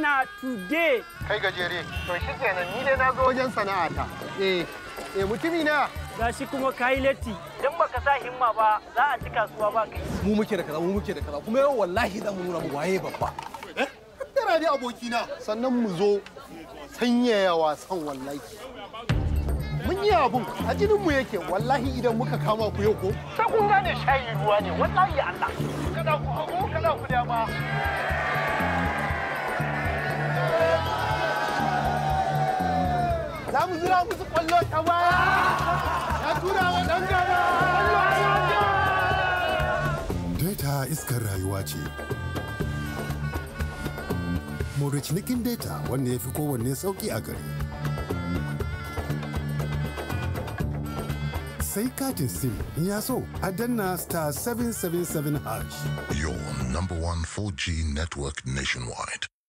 Ghana today. Kai gajere, to shi kenan ni dai na zo wajen ta. Eh, eh mutumi na. shi kuma kai latti. Idan baka sa himma ba, za a ci kasuwa ba kai. Mu muke da kaza, mu muke da kaza. Kuma yau wallahi za mu nuna mu waye babba. Eh? Tara ne abokina. Sannan mu zo sanyaya wasan wallahi. mun yi abun a jinin mu yake wallahi idan muka kama ku yau ko sai kun gane shayi ruwa ne wallahi Allah kada ku hako kada ku dama za mu zira musu kwallo ta baya ya tura wa ɗan gaba Data iskar rayuwa ce. More data wanda ya fi kowanne sauki a gari. sai katin sim in ya so a danna star 777 hash. Your number one 4G network nationwide.